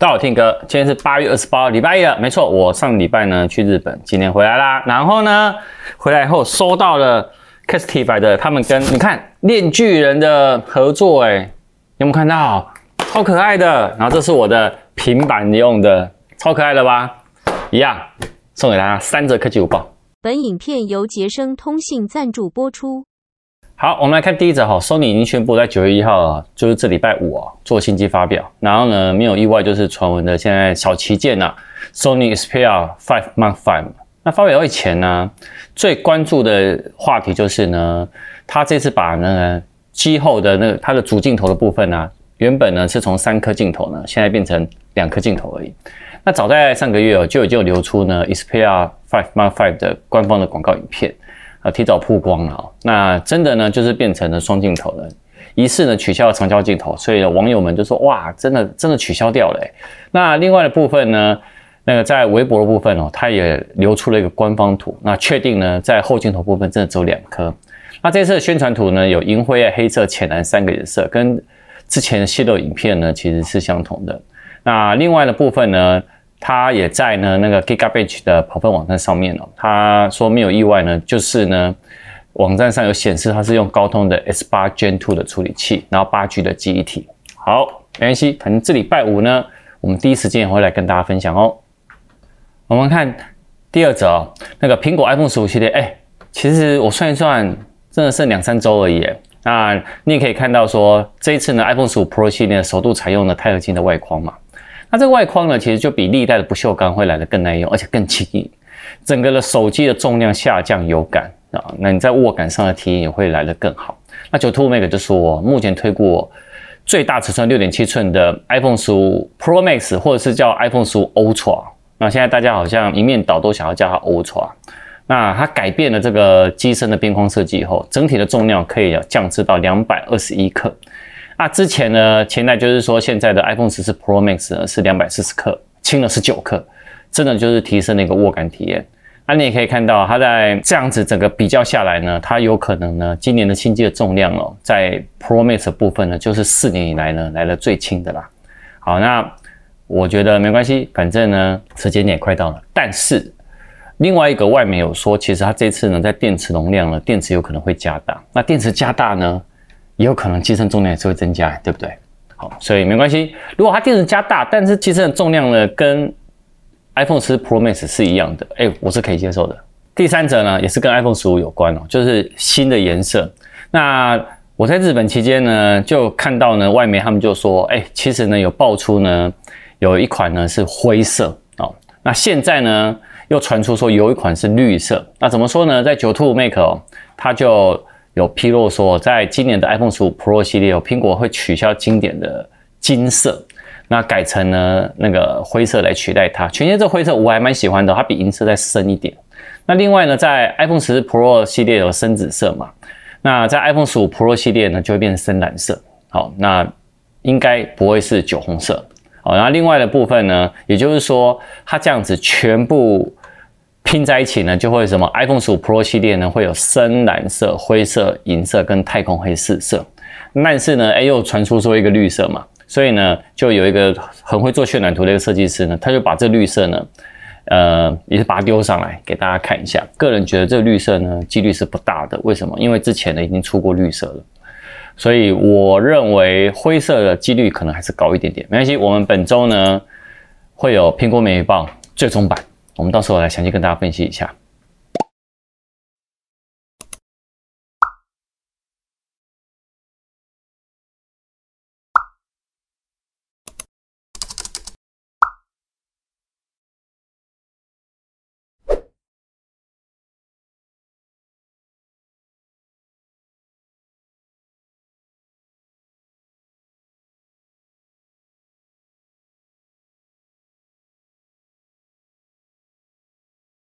大家好，我 Tim 哥，今天是八月二十八，禮拜一了。沒錯，我上禮拜呢去日本，今天回來啦。然後呢，回來以後收到了 CASETiFY 的他們跟你看《鏈鋸人》的合作，哎，有沒有看到？超可愛的。然後這是我的平板用的，超可愛了吧？一樣送給大家 3C 科技午報。本影片由傑生通信贊助播出。好，我們來看第一則哈，Sony 已經宣布在九月一號，就是這禮拜五啊、哦，做新機發表。然後呢，沒有意外，就是傳聞的現在小旗艦、啊、Sony Xperia Five Mark Five。那發表會前呢，最關注的話題就是呢，他這次把那個機後的那個它的主鏡頭的部分呢、啊，原本呢是從三顆鏡頭呢，現在變成兩顆鏡頭而已。那早在上個月哦，就已經有流出呢 Xperia Five Mark Five 的官方的廣告影片。啊，提早曝光了，那真的呢，就是變成了雙鏡頭了。一次呢取消了長焦鏡頭，所以網友們就說，哇，真的真的取消掉了。那另外的部分呢，那個在微博的部分哦，它也流出了一個官方圖，那確定呢在後鏡頭部分真的只有兩顆。那這次的宣傳圖呢，有銀灰、黑色、淺藍三個顏色，跟之前的洩露影片呢其實是相同的。那另外的部分呢？他也在呢，那個 Geekbench 的跑分網站上面哦，他說沒有意外呢，就是呢，網站上有顯示他是用高通的 S8 Gen2 的處理器，然後八 G 的記憶體。好，沒關係，反正這禮拜五呢，我們第一時間也會來跟大家分享哦。我們看第二則哦，那個蘋果 iPhone 十五系列，哎、欸，其實我算一算，真的剩兩三周而已。那你也可以看到說，這一次呢，iPhone 十五 Pro 系列首度採用了鈦合金的外框嘛。那這個外框呢，其實就比歷代的不鏽鋼會來得更耐用，而且更輕盈，整個的手機的重量下降有感啊。那你在握感上的體驗也會來得更好。那 9to5Mac 就是我目前推過最大尺寸六點七寸的 iPhone 十五 Pro Max，或者是叫 iPhone 十五 Ultra。那現在大家好像一面倒都想要叫它 Ultra。那它改變了這個機身的邊框設計以後，整體的重量可以降至到兩百二十一克。那、啊、之前呢，前代就是說現在的 iPhone 14 Pro Max 呢是兩百四十克，輕了十九克，真的就是提升那個握感體驗。那、啊、你也可以看到，它在這樣子整個比較下來呢，它有可能呢，今年的新機的重量哦，在 Pro Max 的部分呢，就是四年以來呢來了最輕的啦。好，那我覺得沒關係，反正呢時間也快到了。但是另外一個外媒有說，其實它這次呢在電池容量呢，電池有可能會加大。那電池加大呢？也有可能機身重量也是會增加，對不對？好，所以沒關係。如果它電池加大，但是機身的重量呢，跟 iPhone 14 Pro Max 是一樣的，哎，我是可以接受的。第三則呢，也是跟 iPhone 15有關哦，就是新的顏色。那我在日本期間呢，就看到呢，外媒他們就說，哎，其實呢有爆出呢，有一款呢是灰色哦。那現在呢又傳出說有一款是綠色。那怎麼說呢？在 9to5Mac 哦，它就。有披露說，在今年的 iPhone 15 Pro 系列，有蘋果會取消經典的金色，那改成呢那個灰色來取代它。全新這個灰色我還蠻喜歡的，它比銀色再深一點。那另外呢，在 iPhone 14 Pro 系列，有深紫色嘛？那在 iPhone 15 Pro 系列呢就會變成深藍色。好，那應該不會是酒紅色。好，然後那另外的部分呢，也就是說它這樣子全部。拼在一起呢，就會什麼 iPhone 15 Pro 系列呢，會有深藍色、灰色、銀色跟太空黑四色。但是呢，哎又傳出說一個綠色嘛，所以呢，就有一個很會做渲染圖的一個設計師呢，他就把這綠色呢，呃，也是把它丟上來給大家看一下。個人覺得這綠色呢，幾率是不大的。為什麼？因為之前呢已經出過綠色了，所以我認為灰色的幾率可能還是高一點點。沒關係，我們本周呢會有蘋果每日報最終版。我們到時候來詳細跟大家分析一下。